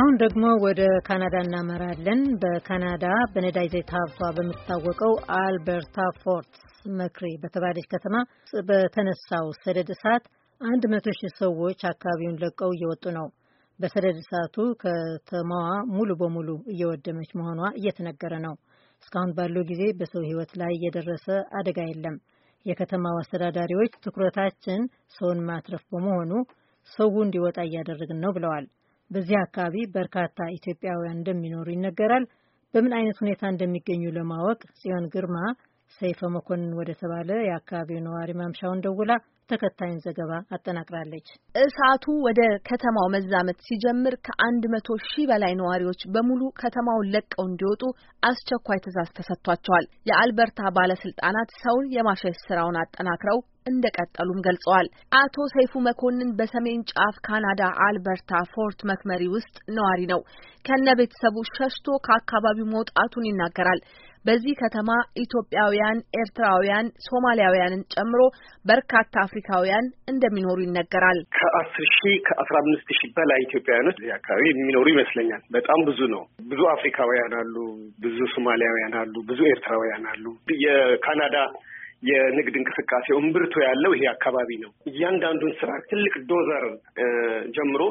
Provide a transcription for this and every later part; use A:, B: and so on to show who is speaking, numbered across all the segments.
A: አሁን ደግሞ ወደ ካናዳ እናመራለን። በካናዳ በነዳጅ ዘይት ሀብቷ በምትታወቀው አልበርታ ፎርት መክሪ በተባለች ከተማ በተነሳው ሰደድ እሳት አንድ መቶ ሺህ ሰዎች አካባቢውን ለቀው እየወጡ ነው። በሰደድ እሳቱ ከተማዋ ሙሉ በሙሉ እየወደመች መሆኗ እየተነገረ ነው። እስካሁን ባለው ጊዜ በሰው ሕይወት ላይ የደረሰ አደጋ የለም። የከተማው አስተዳዳሪዎች ትኩረታችን ሰውን ማትረፍ በመሆኑ ሰው እንዲወጣ እያደረግን ነው ብለዋል። በዚህ አካባቢ በርካታ ኢትዮጵያውያን እንደሚኖሩ ይነገራል። በምን አይነት ሁኔታ እንደሚገኙ ለማወቅ ጽዮን ግርማ ሰይፈ መኮንን ወደ ተባለ የአካባቢው ነዋሪ ማምሻውን ደውላ ተከታዩን ዘገባ አጠናቅራለች።
B: እሳቱ ወደ ከተማው መዛመት ሲጀምር ከአንድ መቶ ሺህ በላይ ነዋሪዎች በሙሉ ከተማውን ለቀው እንዲወጡ አስቸኳይ ትዕዛዝ ተሰጥቷቸዋል። የአልበርታ ባለስልጣናት ሰውን የማሸሽ ስራውን አጠናክረው እንደቀጠሉም ገልጸዋል። አቶ ሰይፉ መኮንን በሰሜን ጫፍ ካናዳ አልበርታ ፎርት መክመሪ ውስጥ ነዋሪ ነው። ከነ ቤተሰቡ ሸሽቶ ከአካባቢው መውጣቱን ይናገራል። በዚህ ከተማ ኢትዮጵያውያን፣ ኤርትራውያን፣ ሶማሊያውያንን ጨምሮ በርካታ አፍሪካውያን እንደሚኖሩ ይነገራል።
C: ከአስር ሺህ ከአስራ አምስት ሺህ በላይ ኢትዮጵያውያኖች እዚህ አካባቢ የሚኖሩ ይመስለኛል። በጣም ብዙ ነው። ብዙ አፍሪካውያን አሉ፣ ብዙ ሶማሊያውያን አሉ፣ ብዙ ኤርትራውያን አሉ። የካናዳ የንግድ እንቅስቃሴው እምብርቶ ያለው ይሄ አካባቢ ነው። እያንዳንዱን ስራ ትልቅ ዶዘር ጀምሮ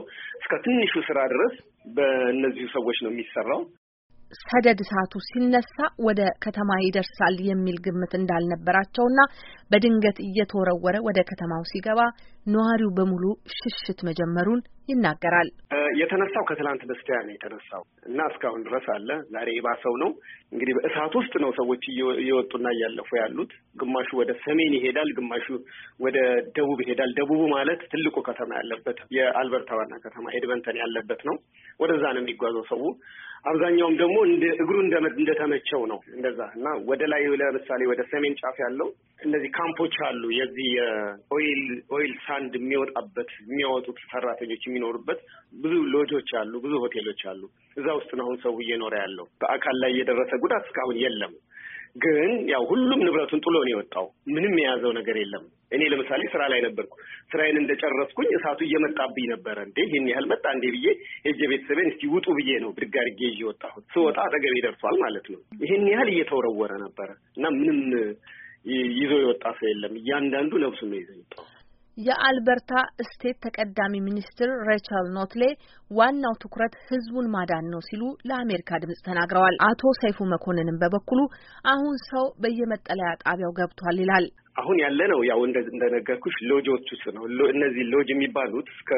C: እስከ ትንሹ ስራ ድረስ በእነዚሁ ሰዎች ነው የሚሰራው።
B: ሰደድ እሳቱ ሲነሳ ወደ ከተማ ይደርሳል የሚል ግምት እንዳልነበራቸውና በድንገት እየተወረወረ ወደ ከተማው ሲገባ ነዋሪው በሙሉ ሽሽት መጀመሩን ይናገራል።
C: የተነሳው ከትላንት በስቲያ ነው የተነሳው እና እስካሁን ድረስ አለ። ዛሬ የባሰው ነው እንግዲህ በእሳት ውስጥ ነው ሰዎች እየወጡና እያለፉ ያሉት። ግማሹ ወደ ሰሜን ይሄዳል፣ ግማሹ ወደ ደቡብ ይሄዳል። ደቡቡ ማለት ትልቁ ከተማ ያለበት የአልበርታ ዋና ከተማ ኤድመንተን ያለበት ነው። ወደዛ ነው የሚጓዘው ሰው። አብዛኛውም ደግሞ እግሩ እንደተመቸው ነው እንደዛ እና ወደ ላይ ለምሳሌ ወደ ሰሜን ጫፍ ያለው እነዚህ ካምፖች አሉ። የዚህ የኦይል ኦይል ሳንድ የሚወጣበት የሚያወጡት ሰራተኞች የሚኖሩበት ብዙ ሎጆች አሉ፣ ብዙ ሆቴሎች አሉ። እዛ ውስጥ ነው አሁን ሰው እየኖረ ያለው። በአካል ላይ የደረሰ ጉዳት እስካሁን የለም። ግን ያው ሁሉም ንብረቱን ጥሎ ነው የወጣው። ምንም የያዘው ነገር የለም። እኔ ለምሳሌ ስራ ላይ ነበርኩ። ስራዬን እንደጨረስኩኝ እሳቱ እየመጣብኝ ነበረ። እንዴ ይህን ያህል መጣ እንዴ ብዬ ሄጄ ቤተሰቤን እስቲ ውጡ ብዬ ነው ብድግ አድርጌ ይዤ ወጣሁት። ስወጣ አጠገቤ ደርሷል ማለት ነው። ይህን ያህል እየተወረወረ ነበረ እና ምንም ይዞ የወጣ ሰው የለም። እያንዳንዱ ነብሱ ነው ይዘ
B: የአልበርታ ስቴት ተቀዳሚ ሚኒስትር ሬቸል ኖትሌ ዋናው ትኩረት ህዝቡን ማዳን ነው ሲሉ ለአሜሪካ ድምጽ ተናግረዋል። አቶ ሰይፉ መኮንንም በበኩሉ አሁን ሰው በየመጠለያ ጣቢያው ገብቷል ይላል።
C: አሁን ያለ ነው ያው እንደነገርኩሽ ሎጆች ውስጥ ነው። እነዚህ ሎጅ የሚባሉት እስከ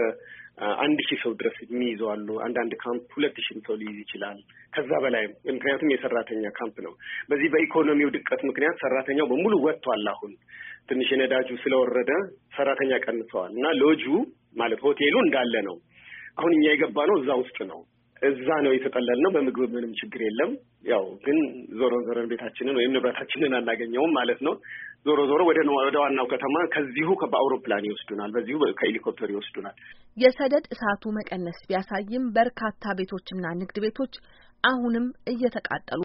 C: አንድ ሺህ ሰው ድረስ የሚይዘዋሉ። አንዳንድ ካምፕ ሁለት ሺህም ሰው ሊይዝ ይችላል ከዛ በላይም። ምክንያቱም የሰራተኛ ካምፕ ነው። በዚህ በኢኮኖሚው ድቀት ምክንያት ሰራተኛው በሙሉ ወጥቷል አሁን ትንሽ የነዳጁ ስለወረደ ሰራተኛ ቀንሰዋል እና ሎጁ ማለት ሆቴሉ እንዳለ ነው። አሁን እኛ የገባ ነው እዛ ውስጥ ነው እዛ ነው የተጠለል ነው። በምግብ ምንም ችግር የለም። ያው ግን ዞሮ ዞረን ቤታችንን ወይም ንብረታችንን አናገኘውም ማለት ነው። ዞሮ ዞሮ ወደ ዋናው ከተማ ከዚሁ በአውሮፕላን ይወስዱናል፣ በዚሁ ከሄሊኮፕተር ይወስዱናል።
B: የሰደድ እሳቱ መቀነስ ቢያሳይም በርካታ ቤቶችና ንግድ ቤቶች አሁንም እየተቃጠሉ